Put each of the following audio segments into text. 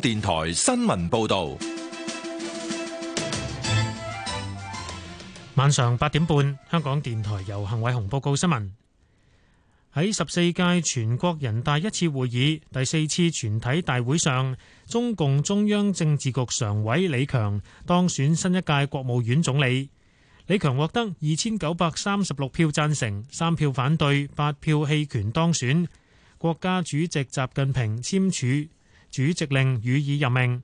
電台新聞報道：晚上八點半，香港電台由幸偉雄報告新聞。喺十四屆全國人大一次會議第四次全體大會上，中共中央政治局常委李強當選新一屆國務院總理。李強獲得二千九百三十六票讚成，三票反對，八票棄權當選。國家主席習近平簽署。主席令予以任命。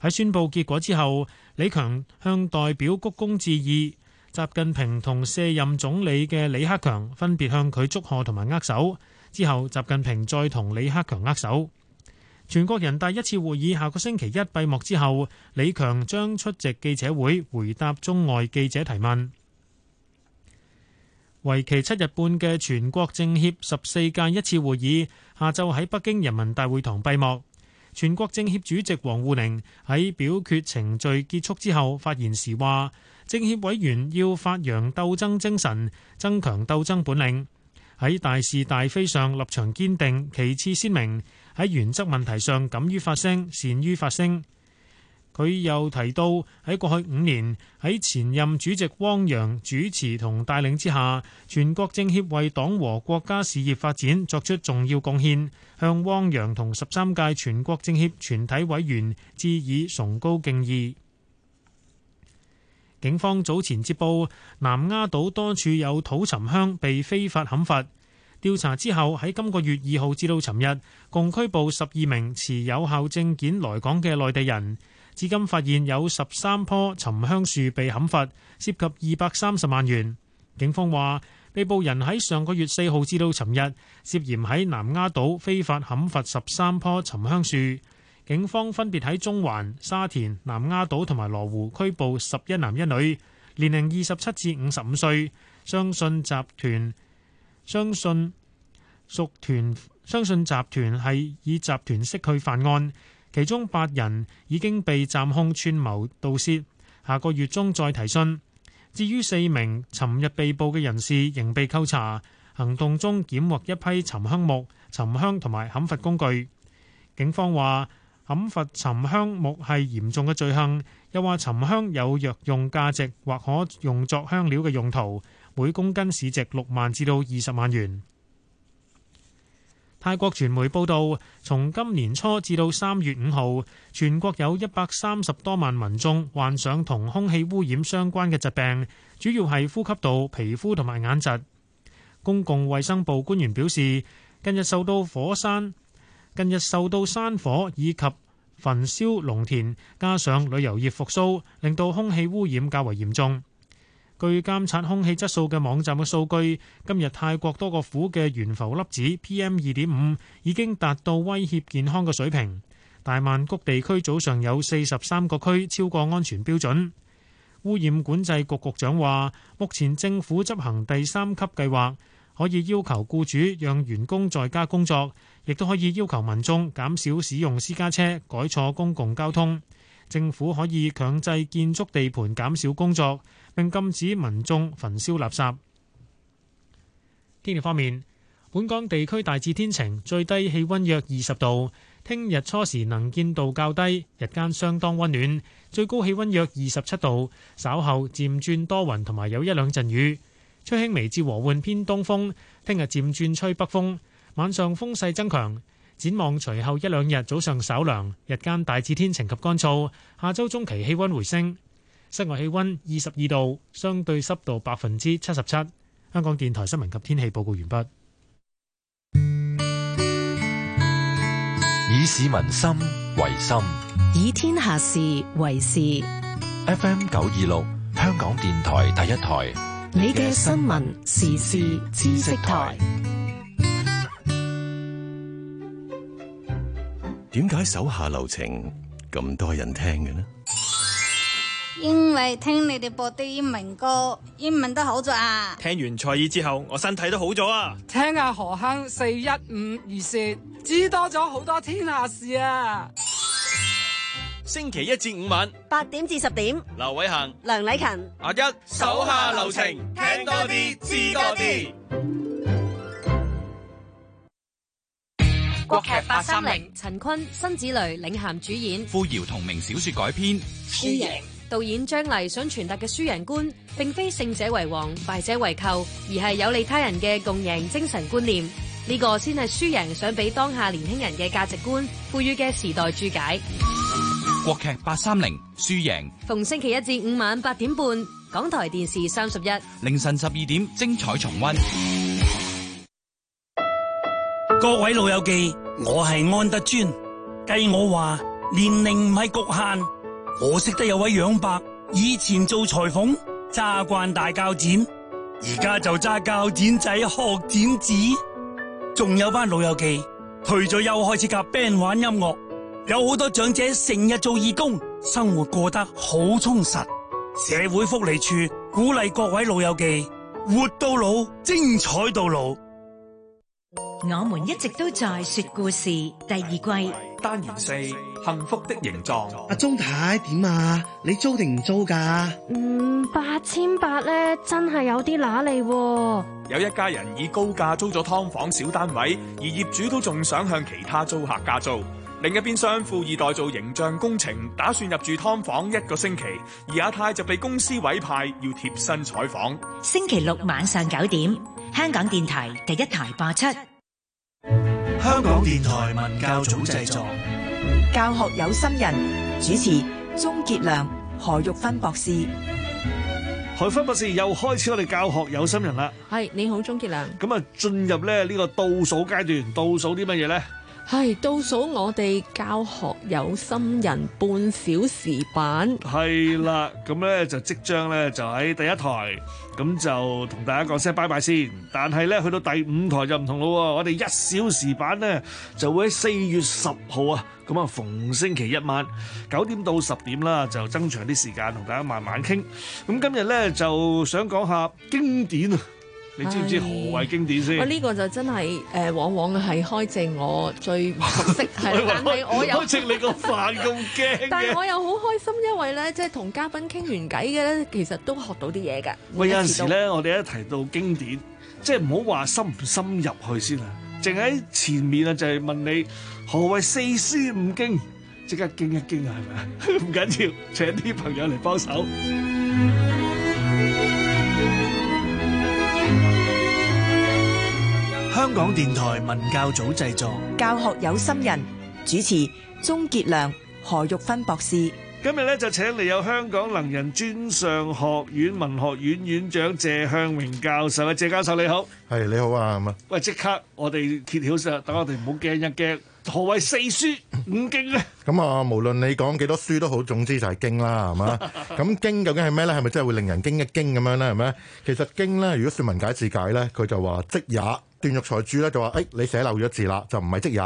喺宣布結果之後，李強向代表鞠躬致意。習近平同卸任總理嘅李克強分別向佢祝賀同埋握手。之後，習近平再同李克強握手。全國人大一次會議下個星期一閉幕之後，李強將出席記者會，回答中外記者提問。為期七日半嘅全國政協十四屆一次會議下晝喺北京人民大會堂閉幕。全國政協主席王滬寧喺表決程序結束之後發言時話：政協委員要發揚鬥爭精神，增強鬥爭本領，喺「大是大非」上立場堅定，旗幟鮮明，喺原則問題上敢於發聲，善於發聲。佢又提到，喺過去五年喺前任主席汪洋主持同帶領之下，全國政協為黨和國家事業發展作出重要貢獻，向汪洋同十三屆全國政協全體委員致以崇高敬意。警方早前接報，南丫島多處有土沉香被非法砍伐，調查之後喺今個月二號至到尋日，共拘捕十二名持有效證件來港嘅內地人。至今發現有十三棵沉香樹被砍伐，涉及二百三十萬元。警方話，被捕人喺上個月四號至到尋日涉嫌喺南丫島非法砍伐十三棵沉香樹。警方分別喺中環、沙田、南丫島同埋羅湖拘捕十一男一女，年齡二十七至五十五歲。相信集團，相信，屬團，相信集團係以集團式去犯案。其中八人已經被暫控串謀盜竊，下個月中再提訊。至於四名尋日被捕嘅人士，仍被扣查。行動中檢獲一批沉香木、沉香同埋砍伐工具。警方話砍伐沉香木係嚴重嘅罪行，又話沉香有藥用價值或可用作香料嘅用途，每公斤市值六萬至到二十萬元。泰國傳媒報道，從今年初至到三月五號，全國有一百三十多萬民眾患上同空氣污染相關嘅疾病，主要係呼吸道、皮膚同埋眼疾。公共衛生部官員表示，近日受到火山、近日受到山火以及焚燒農田，加上旅遊業復甦，令到空氣污染較為嚴重。據監測空氣質素嘅網站嘅數據，今日泰國多個府嘅懸浮粒子 PM 二點五已經達到威脅健康嘅水平。大曼谷地區早上有四十三個區超過安全標準。污染管制局局長話，目前政府執行第三級計劃，可以要求僱主讓員工在家工作，亦都可以要求民眾減少使用私家車，改坐公共交通。政府可以強制建築地盤減少工作，並禁止民眾焚燒垃圾。天氣方面，本港地區大致天晴，最低氣温約二十度。聽日初時能見度較低，日間相當温暖，最高氣温約二十七度。稍後漸轉多雲同埋有一兩陣雨，吹輕微至和緩偏東風。聽日漸轉吹北風，晚上風勢增強。展望隨後一兩日早上稍涼，日間大致天晴及乾燥。下周中期氣溫回升，室外氣溫二十二度，相對濕度百分之七十七。香港電台新聞及天氣報告完畢。以市民心為心，以天下事為事。FM 九二六，香港電台第一台，你嘅新聞時事知識台。點解手下留情咁多人聽嘅呢？因為聽你哋播啲英文歌，英文都好咗啊！聽完賽爾之後，我身體都好咗啊！聽下何鏗四一五二說，知多咗好多天下事啊！星期一至五晚八點至十點，劉偉恆、梁禮勤，阿一手下留情，聽多啲，知多啲。多國劇八三零，陳坤、辛芷蕾領銜主演，傅瑤同名小說改編《輸贏》，導演張黎想傳達嘅輸贏觀，並非勝者為王、敗者為寇，而係有利他人嘅共贏精神觀念。呢個先係輸贏想俾當下年輕人嘅價值觀賦予嘅時代注解。國劇八三零《輸贏》，逢星期一至五晚八點半，港台電視三十一，凌晨十二點精彩重溫。各位老友記，我係安德尊。計我話年齡唔係局限。我識得有位楊伯，以前做裁縫，揸慣大鉸剪，而家就揸鉸剪仔學剪紙。仲有班老友記退咗休開始夾 band 玩音樂，有好多長者成日做義工，生活過得好充實。社會福利處鼓勵各位老友記，活到老，精彩到老。我們一直都在說故事，第二季單元四，幸福的形狀。阿鍾太點啊？你租定唔租㗎？嗯，八千八咧，真係有啲乸利。有一家人以高價租咗㓥房小單位，而業主都仲想向其他租客加租。另一邊廂富二代做形象工程，打算入住㓥房一個星期，而阿太就被公司委派要貼身採訪。星期六晚上九點，香港電台第一台播出。香港電台文教組製作，教學有心人主持鍾杰良、何玉芬博士。何芬博士又開始我哋教學有心人啦。係，你好，鍾杰良。咁啊，進入咧呢個倒數階段，倒數啲乜嘢咧？係倒數我哋教學有心人半小時版。係啦，咁咧就即將咧就喺第一台。咁就同大家講聲拜拜先。但係咧，去到第五台就唔同咯。我哋一小時版咧，就會喺四月十號啊，咁啊逢星期一晚九點到十點啦，就增長啲時間同大家慢慢傾。咁今日咧就想講下經典。你知唔知何謂經典先？ 我呢個就真係誒、呃，往往係開正我最唔熟悉， 但係我又 開正你個飯咁驚， 但係我又好開心，因為咧，即係同嘉賓傾完偈嘅咧，其實都學到啲嘢㗎。有陣時咧，我哋一提到經典，即係唔好話深唔深入去先啊，淨喺前面啊，就係問你何謂四書五經，即刻驚一驚啊， 係咪啊？唔緊要，請啲朋友嚟幫手。香港電台文教組製作，教學有心人主持鍾傑良、何玉芬博士。今日咧就請嚟有香港能仁專上學院文學院院長謝向榮教授。喂，謝教授你好，係你好啊，係嘛？喂，即刻我哋揭曉先啦，等我哋唔好驚一驚。何謂四書五經咧？咁啊，無論你講幾多書都好，總之就係經啦，係嘛？咁經究竟係咩咧？係咪真係會令人驚一驚咁樣咧？係咪？其實經咧，如果說文解字解咧，佢就話即也。段玉裁注咧就話：誒、哎，你寫漏咗字啦，就唔係織也，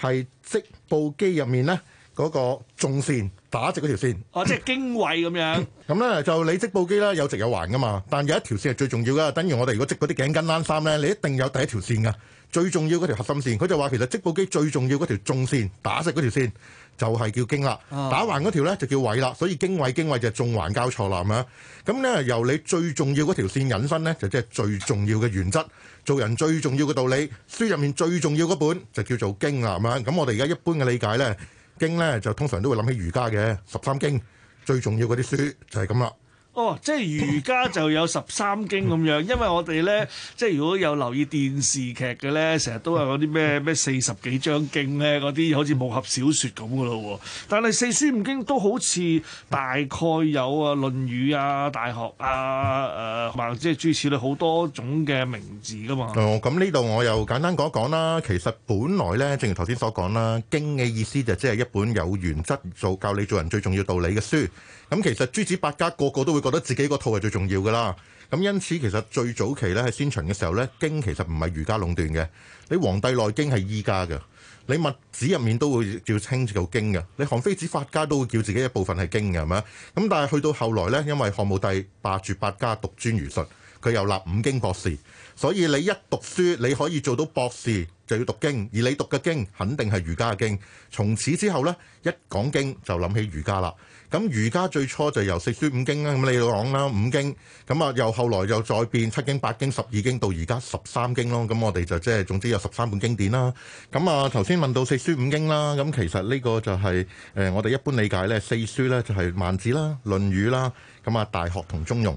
係織布機入面咧嗰個縱線打直嗰條線。哦，即係經緯咁樣。咁咧 就你織布機咧有直有橫噶嘛，但有一條線係最重要噶，等於我哋如果織嗰啲頸巾冷衫咧，你一定有第一條線噶，最重要嗰條核心線。佢就話其實織布機最重要嗰條縱線打直嗰條線。就係叫經啦，打橫嗰條咧就叫緯啦，所以經緯經緯就係縱橫交錯啦係嘛。咁咧由你最重要嗰條線引申咧，就即係最重要嘅原則，做人最重要嘅道理，書入面最重要嗰本就叫做經啦係嘛。咁我哋而家一般嘅理解咧，經咧就通常都會諗起儒家嘅十三經，最重要嗰啲書就係咁啦。哦，即係儒家就有十三經咁樣，因為我哋咧，即係如果有留意電視劇嘅咧，成日都係嗰啲咩咩四十幾章經咧，嗰啲好似武俠小說咁噶咯，但係四書五經都好似大概有啊《論語》啊《大學》啊誒或者係諸子類好多種嘅名字噶嘛。哦，咁呢度我又簡單講一講啦。其實本來咧，正如頭先所講啦，經嘅意思就即係一本有原則做教你做人最重要道理嘅書，咁、嗯、其實諸子百家個個都會。覺得自己個套係最重要噶啦，咁因此其實最早期咧係先秦嘅時候咧，經其實唔係儒家壟斷嘅。你《黃帝內經》係醫家嘅，你墨子入面都會叫稱做經嘅。你韓非子法家都會叫自己一部分係經嘅，係咪啊？咁但係去到後來咧，因為漢武帝罷黜百家，獨尊儒術，佢又立五經博士，所以你一讀書你可以做到博士，就要讀經，而你讀嘅經肯定係儒家嘅經。從此之後咧，一講經就諗起儒家啦。咁儒家最初就由四書五經啦，咁你講啦五經，咁啊又後來又再變七經八經十二經到而家十三經咯，咁我哋就即係總之有十三本經典啦。咁啊頭先問到四書五經啦，咁其實呢個就係、是、誒我哋一般理解呢，四書呢就係孟子啦、論語啦，咁啊大學同中庸。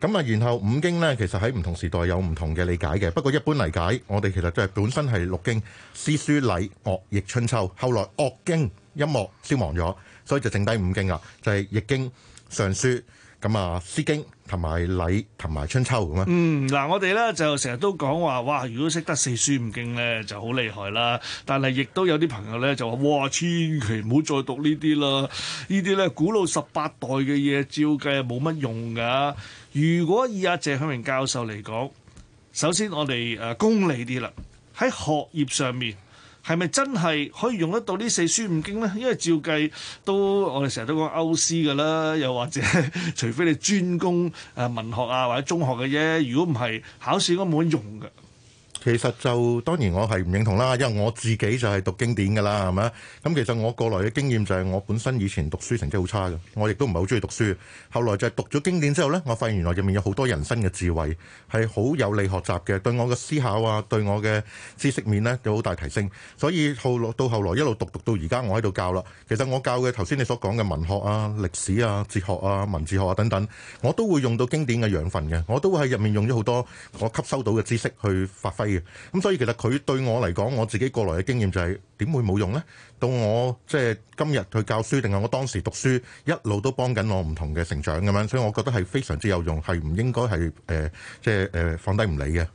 咁啊然後五經呢，其實喺唔同時代有唔同嘅理解嘅，不過一般嚟解，我哋其實就係本身係六經：詩書禮樂易春秋。後來《樂經》。音樂消亡咗，所以就剩低五經啦，就係、是、易經、尚書咁啊，詩經同埋禮同埋春秋咁啊。樣嗯，嗱，我哋咧就成日都講話，哇！如果識得四書五經咧，就好厲害啦。但係亦都有啲朋友咧就話，哇！千祈唔好再讀呢啲啦，呢啲咧古老十八代嘅嘢，照計冇乜用噶。如果以阿謝向榮教授嚟講，首先我哋誒、呃、功利啲啦，喺學業上面。係咪真係可以用得到呢四書五經咧？因為照計都我哋成日都講歐詩嘅啦，又或者除非你專攻誒文學啊或者中學嘅啫，如果唔係考試都冇乜用嘅。其實就當然我係唔認同啦，因為我自己就係讀經典嘅啦，係咪？咁其實我過來嘅經驗就係、係、我本身以前讀書成績好差嘅，我亦都唔係好中意讀書。後來就係讀咗經典之後呢，我發現原來入面有好多人生嘅智慧係好有利學習嘅，對我嘅思考啊，對我嘅知識面呢，有好大提升。所以後來到後來一路讀讀到而家，我喺度教啦。其實我教嘅頭先你所講嘅文學啊、歷史啊、哲學啊、文字學啊等等，我都會用到經典嘅養分嘅，我都會喺入面用咗好多我吸收到嘅知識去發揮。咁所以其實佢對我嚟講，我自己過來嘅經驗就係、是、點會冇用呢？到我即係今日去教書，定係我當時讀書一路都幫緊我唔同嘅成長咁樣，所以我覺得係非常之有用，係唔應該係誒即係誒、呃、放低唔理嘅。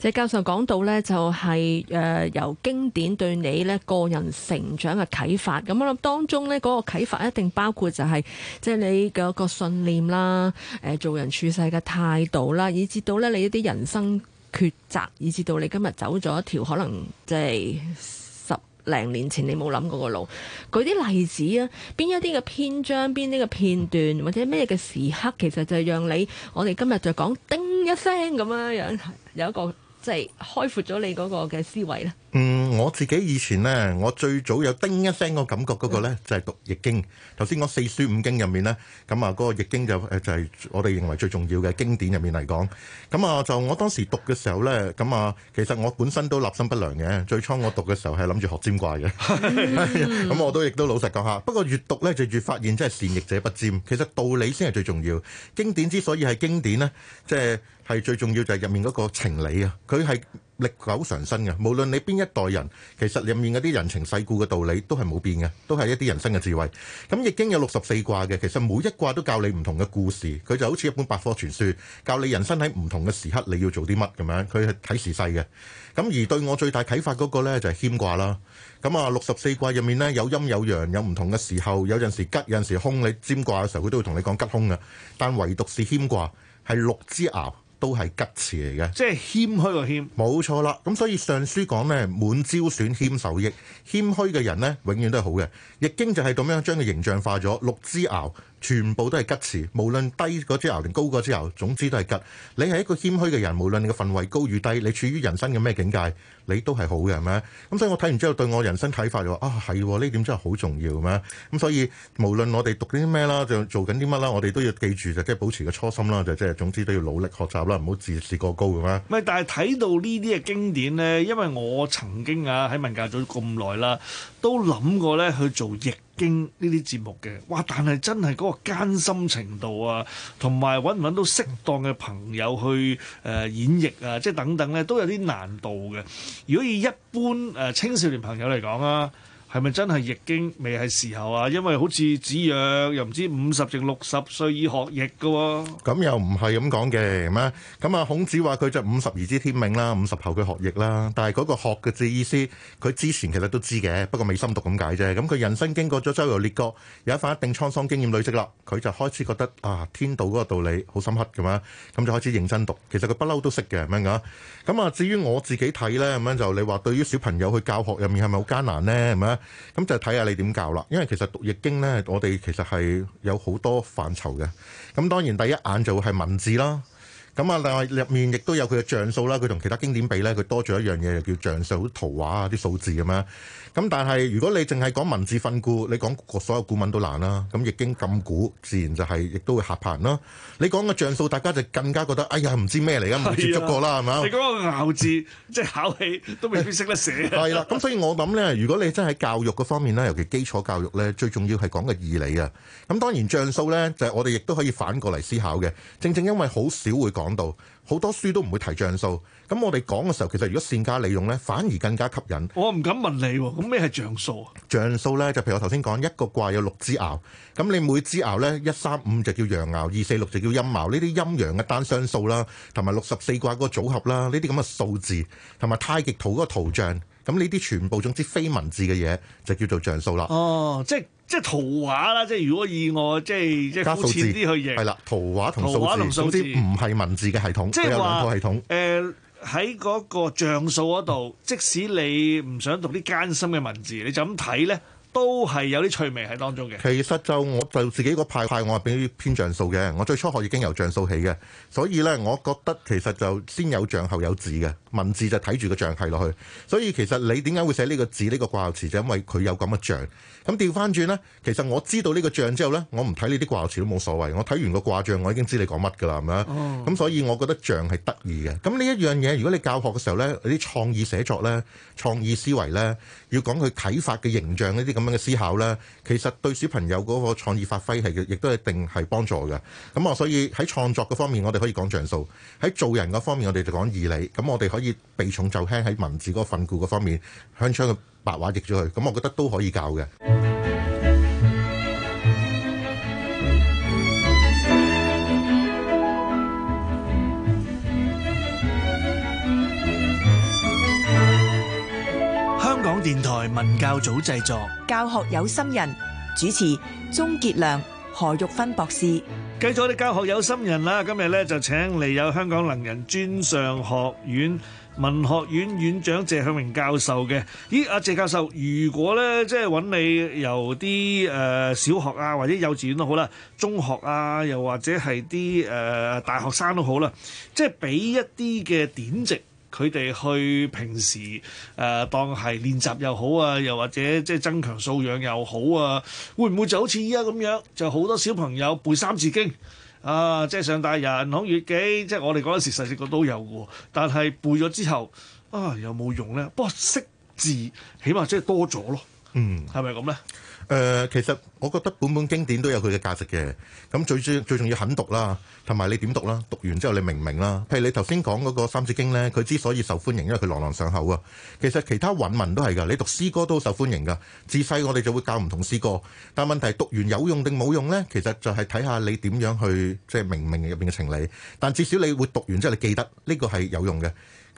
謝教授講到呢，就係、是、誒、呃、由經典對你呢個人成長嘅啟發。咁我諗當中呢嗰、那個啟發一定包括就係即係你嘅個信念啦、誒、呃、做人處世嘅態度啦，以至到呢你一啲人生抉擇，以至到你今日走咗一條可能即係十零年前你冇諗過嘅路。舉啲例子啊，邊一啲嘅篇章、邊啲嘅片段，或者咩嘅時刻，其實就係讓你，我哋今日就講叮一聲咁樣樣，有一個即係開闊咗你嗰個嘅思維啦。嗯，我自己以前咧，我最早有叮一聲個感覺嗰個咧，就係讀易經。頭先講四書五經入面咧，咁啊嗰個易經就誒就係我哋認為最重要嘅經典入面嚟講。咁啊就我當時讀嘅時候咧，咁啊其實我本身都立心不良嘅。最初我讀嘅時候係諗住學占卦嘅，咁我都亦都老實講吓。不過越讀咧就越發現真係善易者不占，其實道理先係最重要。經典之所以係經典咧，即係係最重要就係入面嗰個情理啊，佢係。歷久常新嘅，無論你邊一代人，其實入面嗰啲人情世故嘅道理都係冇變嘅，都係一啲人生嘅智慧。咁易經有六十四卦嘅，其實每一卦都教你唔同嘅故事，佢就好似一本百科全書，教你人生喺唔同嘅時刻你要做啲乜咁樣。佢係睇時勢嘅。咁而對我最大啟發嗰個呢就係、是、謙卦啦。咁啊，六十四卦入面呢，有陰有陽，有唔同嘅時候，有陣時吉，有陣時兇。時你占卦嘅時候，佢都會同你講吉凶嘅。但唯獨是謙卦係六之爻。都係吉詞嚟嘅，即係謙虛個、啊、謙，冇錯啦。咁所以《尚書》講咧，滿招損，謙受益。謙虛嘅人呢永遠都係好嘅。《易經》就係咁樣將佢形象化咗，六枝爻。全部都係吉詞，無論低個之後定高個之後，總之都係吉。你係一個謙虛嘅人，無論你嘅份位高與低，你處於人生嘅咩境界，你都係好嘅，係咪？咁所以我睇完之後對我人生睇法就話：啊，係呢點真係好重要咁啊！咁所以無論我哋讀緊啲咩啦，就做緊啲乜啦，我哋都要記住就即係保持個初心啦，就即係總之都要努力學習啦，唔好自視過高咁啊！咪但係睇到呢啲嘅經典咧，因為我曾經啊喺文教咗咁耐啦，都諗過咧去做譯。經呢啲節目嘅，哇！但係真係嗰個艱辛程度啊，同埋揾唔揾到適當嘅朋友去誒、呃、演繹啊，即係等等咧，都有啲難度嘅。如果以一般誒、呃、青少年朋友嚟講啊。係咪真係易經未係時候啊？因為好似子曰又唔知五十定六十歲以學易嘅喎。咁又唔係咁講嘅咩？咁啊、嗯，孔子話佢就五十而知天命啦，五十後佢學易啦。但係嗰個學嘅字的意思，佢之前其實都知嘅，不過未深讀咁解啫。咁佢人生經過咗周遊列國，有一番一定滄桑經驗累積啦，佢就開始覺得啊，天道嗰個道理好深刻咁啊，咁就開始認真讀。其實佢不嬲都識嘅咁樣嘅。咁啊、嗯，至於我自己睇咧咁樣就你話對於小朋友去教學入面係咪好艱難呢？係咪咁就睇下你點教啦，因為其實讀易經呢，我哋其實係有好多範疇嘅。咁當然第一眼就係文字啦。咁啊，另外入面亦都有佢嘅象數啦。佢同其他經典比呢，佢多咗一樣嘢，就叫象數，啲圖畫啊，啲數字咁樣。咁但係如果你淨係講文字訓詁，你講所有古文都難啦。咁易經禁古，自然就係、是、亦都會嚇怕人啦。你講嘅象數，大家就更加覺得，哎呀，唔知咩嚟嘅，唔接觸過啦，係咪的？你講個咬字，即係考起都未必識得寫。係啦，咁所以我諗咧，如果你真係喺教育嘅方面咧，尤其基礎教育咧，最重要係講嘅義理啊。咁當然象數咧，就係、是、我哋亦都可以反過嚟思考嘅。正正因為好少會講到。好多書都唔會提象數，咁我哋講嘅時候，其實如果善加利用呢，反而更加吸引。我唔敢問你，咁咩係象數啊？象數呢，就譬如我頭先講一個卦有六支爻，咁你每支爻呢，一三五就叫陽爻，二四六就叫陰爻，呢啲陰陽嘅單雙數啦，同埋六十四卦嗰個組合啦，呢啲咁嘅數字，同埋太極圖嗰個圖像。咁呢啲全部總之非文字嘅嘢就叫做像素啦。哦，即係即係圖畫啦，即係如果以我即係即係膚淺啲去認，係啦，圖畫同數字，數字總之唔係文字嘅系統，即係兩套系統。誒喺嗰個像素嗰度，即使你唔想讀啲艱深嘅文字，你就咁睇咧。都係有啲趣味喺當中嘅。其實就我就自己個派派， 我係比較偏象數嘅。 我最初學已經由象數起嘅，所以呢，我覺得其實就先有象，後有字嘅文字就睇住個象，係落去。所以其實你點解會寫呢個字呢、這個卦詞，就因為佢有咁嘅象。咁調翻轉呢，其實我知道呢個象之後呢，我唔睇呢啲卦詞都冇所謂。我睇完個卦象，我已經知你講乜噶啦，係咪？oh。所以我覺得象係得意嘅。咁呢一樣嘢，如果你教學嘅時候咧，啲創意寫作呢，創意思維呢，要講佢睇法嘅形象呢啲咁樣嘅思考咧，其實對小朋友嗰個創意發揮係亦都一定係幫助嘅。咁我所以喺創作嗰方面，我哋可以講像素；喺做人嗰方面，我哋就講義理。咁我哋可以避重就輕喺文字嗰個訓詁嗰方面，香將嘅白話譯咗佢。咁我覺得都可以教嘅。香港電台文教組製作，教學有心人主持鍾杰良、何玉芬博士。繼續我哋教學有心人啦，今日咧就請嚟有香港能仁專上學院文學院院長謝向榮教授嘅。咦，阿謝教授，如果咧即係揾你由啲誒小學啊或者幼稚園都好啦，中學啊又或者係啲誒大學生都好啦，即係俾一啲嘅典籍。佢哋去平時誒、呃、當係練習又好啊，又或者即係增強素養又好啊，會唔會就好似依家咁樣，就好多小朋友背三字經啊，即係上大人孔乙己，即係我哋嗰陣時細細個都有嘅，但係背咗之後啊，有冇用咧？不過識字起碼即係多咗咯，嗯，係咪咁咧？誒、呃，其實我覺得本本經典都有佢嘅價值嘅。咁最主要、最重要，肯讀啦，同埋你點讀啦？讀完之後你明唔明啦？譬如你頭先講嗰個《三字經》呢，佢之所以受歡迎，因為佢朗朗上口啊。其實其他韻文都係㗎，你讀詩歌都受歡迎㗎。自細我哋就會教唔同詩歌，但問題讀完有用定冇用呢？其實就係睇下你點樣去即係、就是、明明入邊嘅情理。但至少你會讀完之後，你記得呢個係有用嘅。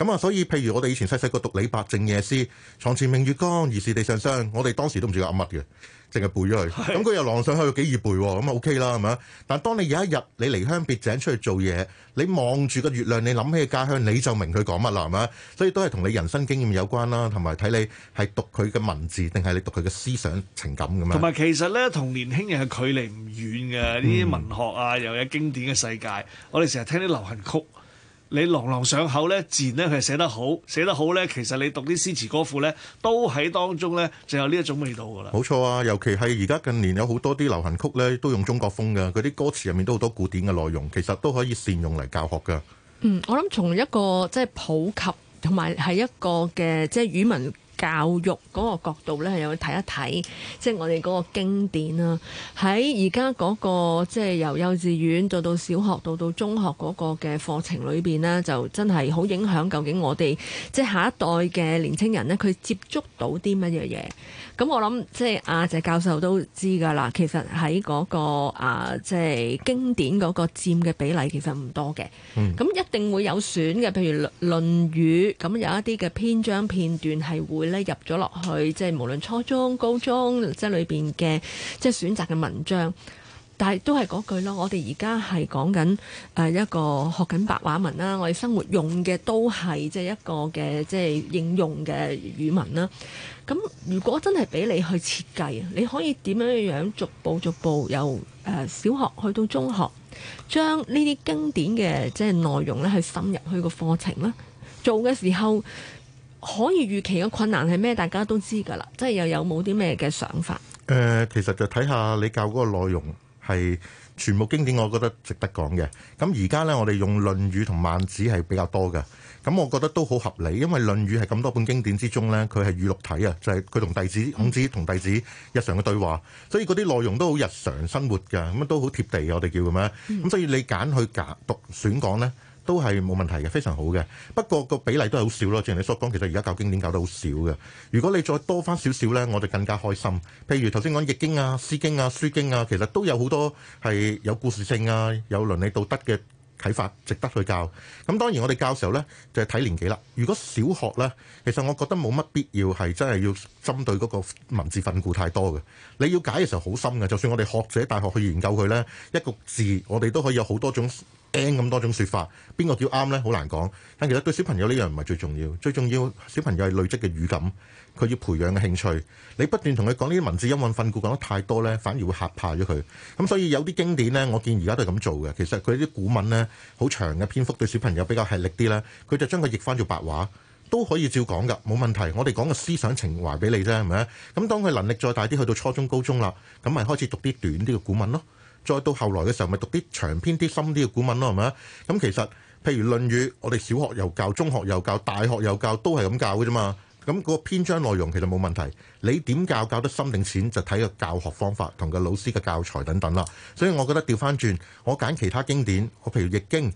咁啊、嗯，所以譬如我哋以前細細個讀李白《靜夜思》，床前明月光，疑是地上霜。我哋當時都唔知佢講乜嘅，淨係背咗佢。咁佢又朗上去幾易背，咁啊 OK 啦，係咪？但當你有一日你離鄉別井出去做嘢，你望住個月亮，你諗起家鄉，你就明佢講乜啦，係咪？所以都係同你人生經驗有關啦，同埋睇你係讀佢嘅文字，定係你讀佢嘅思想情感咁樣。同埋其實咧，同年輕人嘅距離唔遠嘅呢啲文學啊，嗯、又有經典嘅世界。我哋成日聽啲流行曲。你朗朗上口咧，自然咧佢係寫得好，寫得好咧，其實你讀啲詩詞歌賦咧，都喺當中咧就有呢一種味道㗎啦。冇錯啊，尤其係而家近年有好多啲流行曲咧，都用中國風㗎，嗰啲歌詞入面都好多古典嘅內容，其實都可以善用嚟教學㗎。嗯，我諗從一個即係、就是、普及，同埋係一個嘅即係語文。教育嗰個角度咧，又去睇一睇，即係我哋嗰個經典啊。喺而家嗰個即係由幼稚園到到小學，到到中學嗰個嘅課程裏邊呢，就真係好影響究竟我哋即係下一代嘅年青人呢，佢接觸到啲乜嘢嘢。咁、嗯、我諗即係阿謝教授都知噶啦，其實喺嗰、那個啊即係、就是、經典嗰個占嘅比例其實唔多嘅，咁、嗯、一定會有選嘅，譬如《論語》，咁有一啲嘅篇章片段係會咧入咗落去，即、就、係、是、無論初中、高中即係裏邊嘅即係選擇嘅文章。但係都係嗰句咯，我哋而家係講緊誒一個學緊白話文啦，我哋生活用嘅都係即係一個嘅即係應用嘅語文啦。咁如果真係俾你去設計，你可以點樣樣逐步逐步由誒、呃、小學去到中學，將呢啲經典嘅即係內容咧去深入去個課程啦。做嘅時候可以預期嘅困難係咩？大家都知㗎啦，即係又有冇啲咩嘅想法？誒、呃，其實就睇下你教嗰個內容。係全部經典，我覺得值得講嘅。咁而家呢，我哋用《論語》同《孟子》係比較多嘅。咁我覺得都好合理，因為《論語》係咁多本經典之中呢，佢係語錄體啊，就係佢同弟子孔子同弟子日常嘅對話，所以嗰啲內容都好日常生活㗎，咁都好貼地。我哋叫咁樣，咁所以你揀去揀讀選講呢。都係冇問題嘅，非常好嘅。不過個比例都係好少咯，正如你所講，其實而家教經典教得好少嘅。如果你再多返少少呢，我哋更加開心。譬如頭先講《易經》啊、《詩經》啊、《書經》啊，其實都有好多係有故事性啊、有倫理道德嘅啟發，值得去教。咁當然我哋教嘅時候呢，就係睇年紀啦。如果小學呢，其實我覺得冇乜必要係真係要針對嗰個文字訓詁太多嘅。你要解嘅時候好深嘅，就算我哋學者大學去研究佢呢，一個字我哋都可以有好多種。N 咁多種說法，邊個叫啱呢？好難講。但其實對小朋友呢樣唔係最重要，最重要小朋友係累積嘅語感，佢要培養嘅興趣。你不斷同佢講呢啲文字音韻訓詁講得太多呢，反而會嚇怕咗佢。咁所以有啲經典呢，我見而家都係咁做嘅。其實佢啲古文呢，好長嘅篇幅，對小朋友比較吃力啲呢，佢就將佢譯翻做白話都可以照講噶，冇問題。我哋講個思想情懷俾你啫，係咪？咁當佢能力再大啲，去到初中、高中啦，咁咪開始讀啲短啲嘅古文咯。再到後來嘅時候，咪讀啲長篇啲深啲嘅古文咯，係咪？咁其實譬如《論語》，我哋小學又教，中學又教，大學又教，都係咁教嘅啫嘛。咁嗰個篇章內容其實冇問題。你點教教得深定淺，就睇個教學方法同個老師嘅教材等等啦。所以，我覺得調返轉，我揀其他經典，我譬如《易經》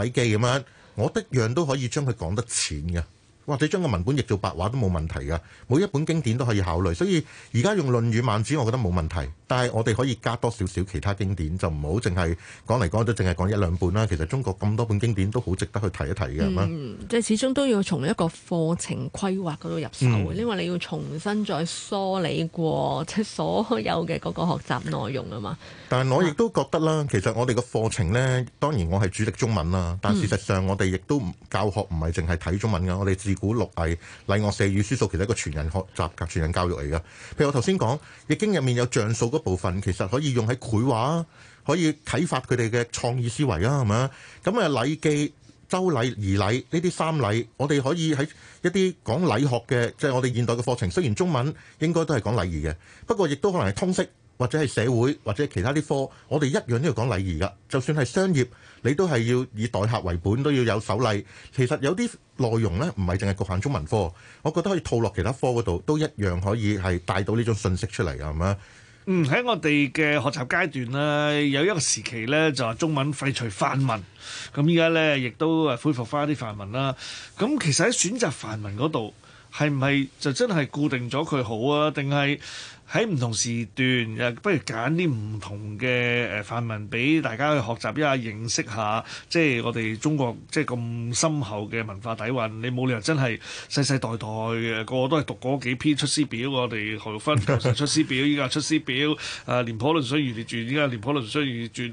《禮記》咁樣，我一樣都可以將佢講得淺嘅。或者將個文本譯做白話都冇問題噶，每一本經典都可以考慮。所以而家用《論語》《孟子》，我覺得冇問題。但係我哋可以加多少少其他經典，就唔好淨係講嚟講去都淨係講一兩本啦。其實中國咁多本經典都好值得去提一提嘅，係嘛、嗯？即係嗎始終都要從一個課程規劃嗰度入手，嗯、因為你要重新再梳理過即係、就是、所有嘅嗰個學習內容啊嘛。但係我亦都覺得啦，啊、其實我哋個課程呢，當然我係主力中文啦，但事實上我哋亦都唔教學唔係淨係睇中文嘅，我哋古六藝、禮樂射御書數，其實一個全人學習及全人教育嚟㗎。譬如我頭先講《易經》入面有象數嗰部分，其實可以用喺繪畫，可以啟發佢哋嘅創意思維啊，係咪？咁啊禮記、周禮、儀禮呢啲三禮，我哋可以喺一啲講禮學嘅，即係我哋現代嘅課程。雖然中文應該都係講禮儀嘅，不過亦都可能係通識。或者係社會，或者其他啲科，我哋一樣都要講禮儀噶。就算係商業，你都係要以待客為本，都要有守禮。其實有啲內容呢，唔係淨係局限中文科，我覺得可以套落其他科嗰度，都一樣可以係帶到呢種信息出嚟噶，係咪啊？嗯，喺我哋嘅學習階段呢，有一個時期呢，就係、是、中文廢除範文，咁依家呢，亦都啊恢復翻啲範文啦。咁其實喺選擇範文嗰度，係唔係就真係固定咗佢好啊？定係？喺唔同時段，誒，不如揀啲唔同嘅誒範文俾大家去學習一下，認識下，即係我哋中國即係咁深厚嘅文化底蘊。你冇理由真係世世代代嘅個個都係讀嗰幾篇出師表，我哋何玉芬出師表，依家出師表，誒、啊《廉頗藺相如列傳》，依家《廉頗藺相如列傳》。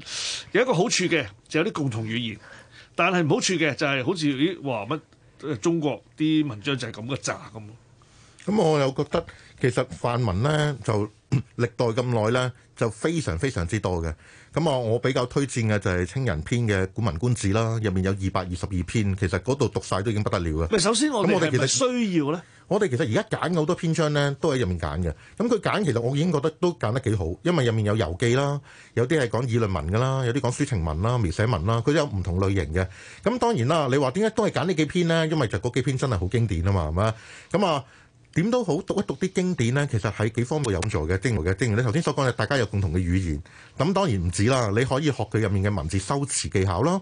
有一個好處嘅，就是、有啲共同語言，但係唔好處嘅就係、是、好似咦，哇乜中國啲文章就係咁嘅咋。咁。咁我又覺得。其實範文咧就歷代咁耐咧就非常非常之多嘅。咁啊，我比較推薦嘅就係《清人篇》嘅《古文觀止》啦，入面有二百二十二篇。其實嗰度讀晒都已經不得了啊！首先我咁，我哋其實需要咧。我哋其實而家揀好多篇章咧，都喺入面揀嘅。咁佢揀其實我已經覺得都揀得幾好，因為入面有遊記啦，有啲係講議論文㗎啦，有啲講抒情文啦、描寫文啦，佢都有唔同類型嘅。咁當然啦，你話點解都係揀呢幾篇呢？因為就嗰幾篇真係好經典啊嘛，係咪？咁啊。點都好，讀一讀啲經典呢，其實喺幾方面有助嘅。正如嘅，正如你頭先所講嘅，大家有共同嘅語言，咁當然唔止啦。你可以學佢入面嘅文字修辭技巧啦，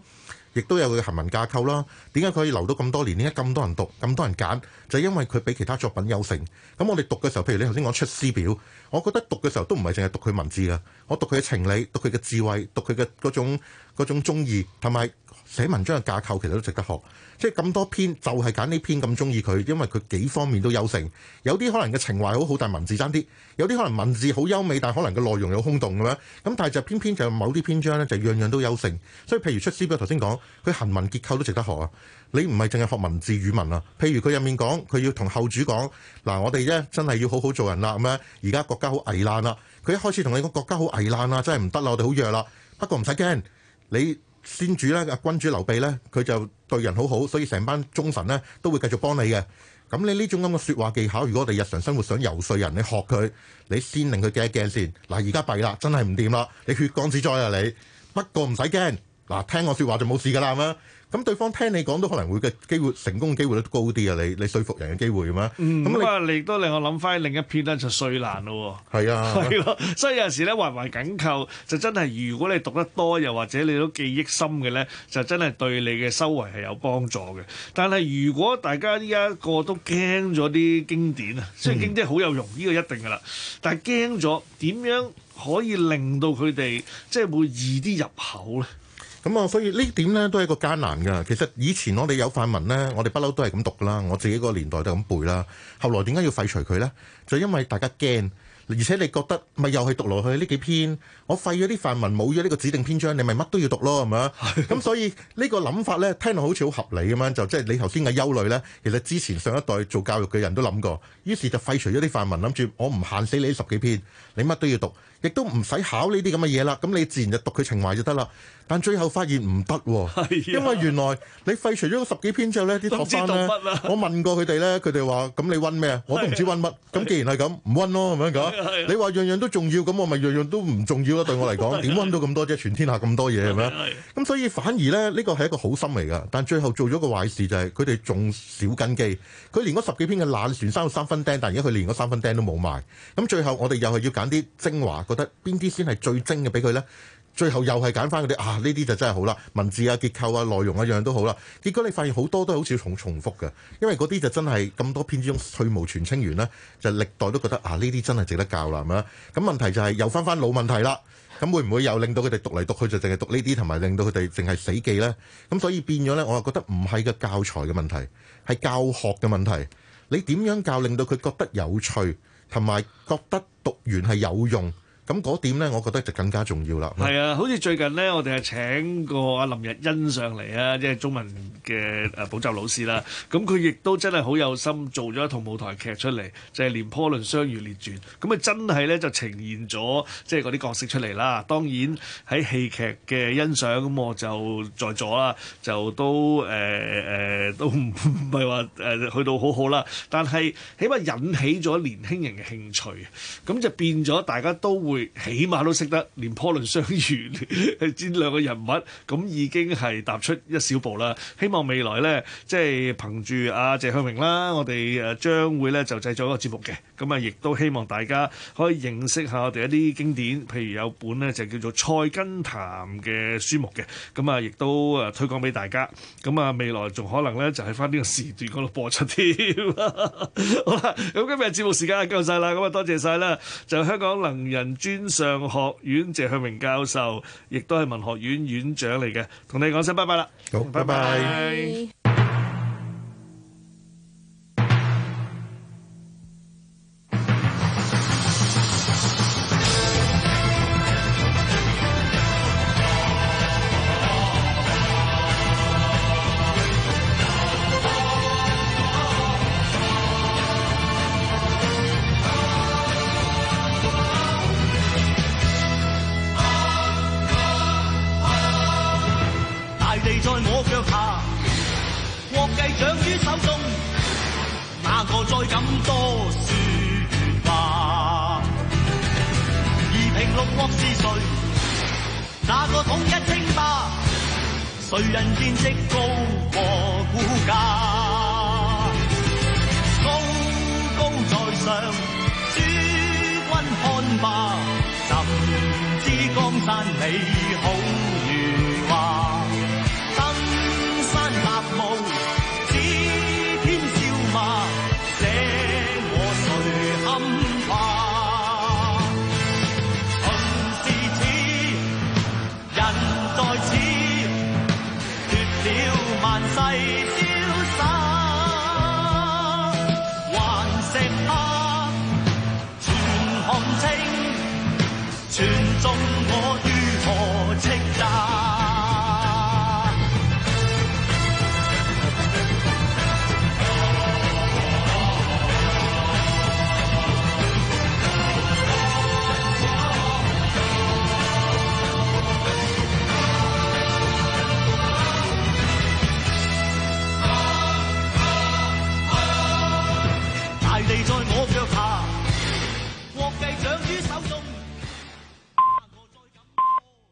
亦都有佢嘅行文架構啦。點解佢可以留到咁多年？點解咁多人讀，咁多人揀？就係因為佢比其他作品優勝。咁我哋讀嘅時候，譬如你頭先講《出師表》，我覺得讀嘅時候都唔係淨係讀佢文字啊。我讀佢嘅情理，讀佢嘅智慧，讀佢嘅嗰種忠義，同埋。寫文章嘅架構其實都值得學，即係咁多篇就係揀呢篇咁中意佢，因為佢幾方面都優勝。有啲可能嘅情懷好好，但文字爭啲；有啲可能文字好優美，但可能個內容有空洞咁樣。咁但係就偏偏就某啲篇章咧，就樣樣都優勝。所以譬如出師表頭先講，佢行文結構都值得學啊。你唔係淨係學文字語文啊。譬如佢入面講，佢要同後主講嗱，我哋咧真係要好好做人啦。咁樣而家國家好危難啦。佢一開始同你講國家好危難啦，真係唔得啦，我哋好弱啦。不過唔使驚，你。先主咧，君主劉備咧，佢就對人好好，所以成班忠臣咧都會繼續幫你嘅。咁你呢種咁嘅説話技巧，如果我哋日常生活想游説人，你學佢，你先令佢驚一驚先。嗱，而家弊啦，真係唔掂啦，你血光之災啊，你。不過唔使驚，嗱，聽我説話就冇事噶啦～咁對方聽你講都可能會嘅機會，成功嘅機會都高啲啊，你，你說服人嘅機會咩。咁啊、嗯，你都令我諗翻另一篇咧，就碎難咯。係、嗯、啊，係咯、啊，所以有陣時咧，環環緊扣就真係，如果你讀得多，又或者你都記憶深嘅咧，就真係對你嘅修為係有幫助嘅。但係如果大家呢一個都驚咗啲經典啊，雖然、嗯、經典好有用，呢、這個一定噶啦，但係驚咗點樣可以令到佢哋即係會易啲入口咧？咁啊、嗯，所以呢點呢都係一個艱難㗎。其實以前我哋有範文呢，我哋不嬲都係咁讀啦。我自己嗰個年代就係咁背啦。後來點解要廢除佢呢？就因為大家驚，而且你覺得咪又係讀落去呢幾篇，我廢咗啲範文，冇咗呢個指定篇章，你咪乜都要讀咯，係咪啊？咁所以呢個諗法呢，聽落好似好合理咁樣，就即係你頭先嘅憂慮呢，其實之前上一代做教育嘅人都諗過，於是就廢除咗啲範文，諗住我唔限死你十幾篇，你乜都要讀。亦都唔使考呢啲咁嘅嘢啦，咁你自然就讀佢情懷就得啦。但最後發現唔得，是呀 因為原來你廢除咗十幾篇之後，呢啲學生咧，我問過佢哋咧，佢哋話：咁你温咩啊？我都唔知温乜。咁是呀 既然係咁，唔温咯，係咪咁？是呀是呀，你話樣樣都重要，咁我咪樣樣都唔重要咯。對我嚟講，點温是呀 到咁多啫？全天下咁多嘢係咪？咁、嗯、所以反而咧，呢個係一個好心嚟㗎。但最後做咗個壞事就係佢哋仲少根基。佢連嗰十幾篇嘅爛船三到三分釘，但而家佢連嗰三分釘都冇埋。咁最後我哋又係要揀啲精華。覺得邊啲先係最精嘅俾佢呢？最後又係揀翻嗰啲啊！呢啲就真係好啦，文字啊、結構啊、內容樣樣都好啦。結果你發現好多都好似重重複嘅，因為嗰啲就真係咁多篇之中，唾無全清完呢，就歷代都覺得啊，呢啲真係值得教啦，係咪啊？咁問題就係、是、又翻翻老問題啦。咁會唔會又令到佢哋讀嚟讀去就淨係讀呢啲，同埋令到佢哋淨係死記呢？咁所以變咗呢，我又覺得唔係個教材嘅問題，係教學嘅問題。你點樣教令到佢覺得有趣，同埋覺得讀完係有用？咁嗰點咧，我覺得就更加重要啦。係啊，好似最近咧，我哋係請過阿林溢欣上嚟啊，即係中文嘅誒補習老師啦。咁佢亦都真係好有心，做咗一套舞台劇出嚟，就係《廉頗藺相如列傳》。咁啊，真係咧就呈現咗即係嗰啲角色出嚟啦。當然喺戲劇嘅欣賞，咁我就在座啦，就都誒誒，都唔係話誒去到好好啦。但係起碼引起咗年輕人嘅興趣，咁就變咗大家都會。起碼都識得拿破侖相遇呢兩個嘅人物，咁已經係踏出一小步啦。希望未來咧，即係憑住阿謝向榮啦，我哋誒將會咧就製作一個節目嘅，咁啊亦都希望大家可以認識下我哋一啲經典，譬如有本咧就叫做《菜根譚》嘅書目嘅，咁啊亦都誒推廣俾大家。咁啊未來仲可能咧就喺翻呢個時段嗰度播出添。 好啦，咁今日節目時間又夠曬啦，咁啊多謝晒啦，就香港能仁，專上學院謝向榮教授，亦都係文學院院長嚟嘅，同你講聲拜拜啦。好，拜拜 bye。Bye bye 掌於手中，哪、那個再敢多説話？夷平六國是誰？那個統一稱霸？誰人建績高過顧家？高高在上，諸君看吧，怎知江山美好？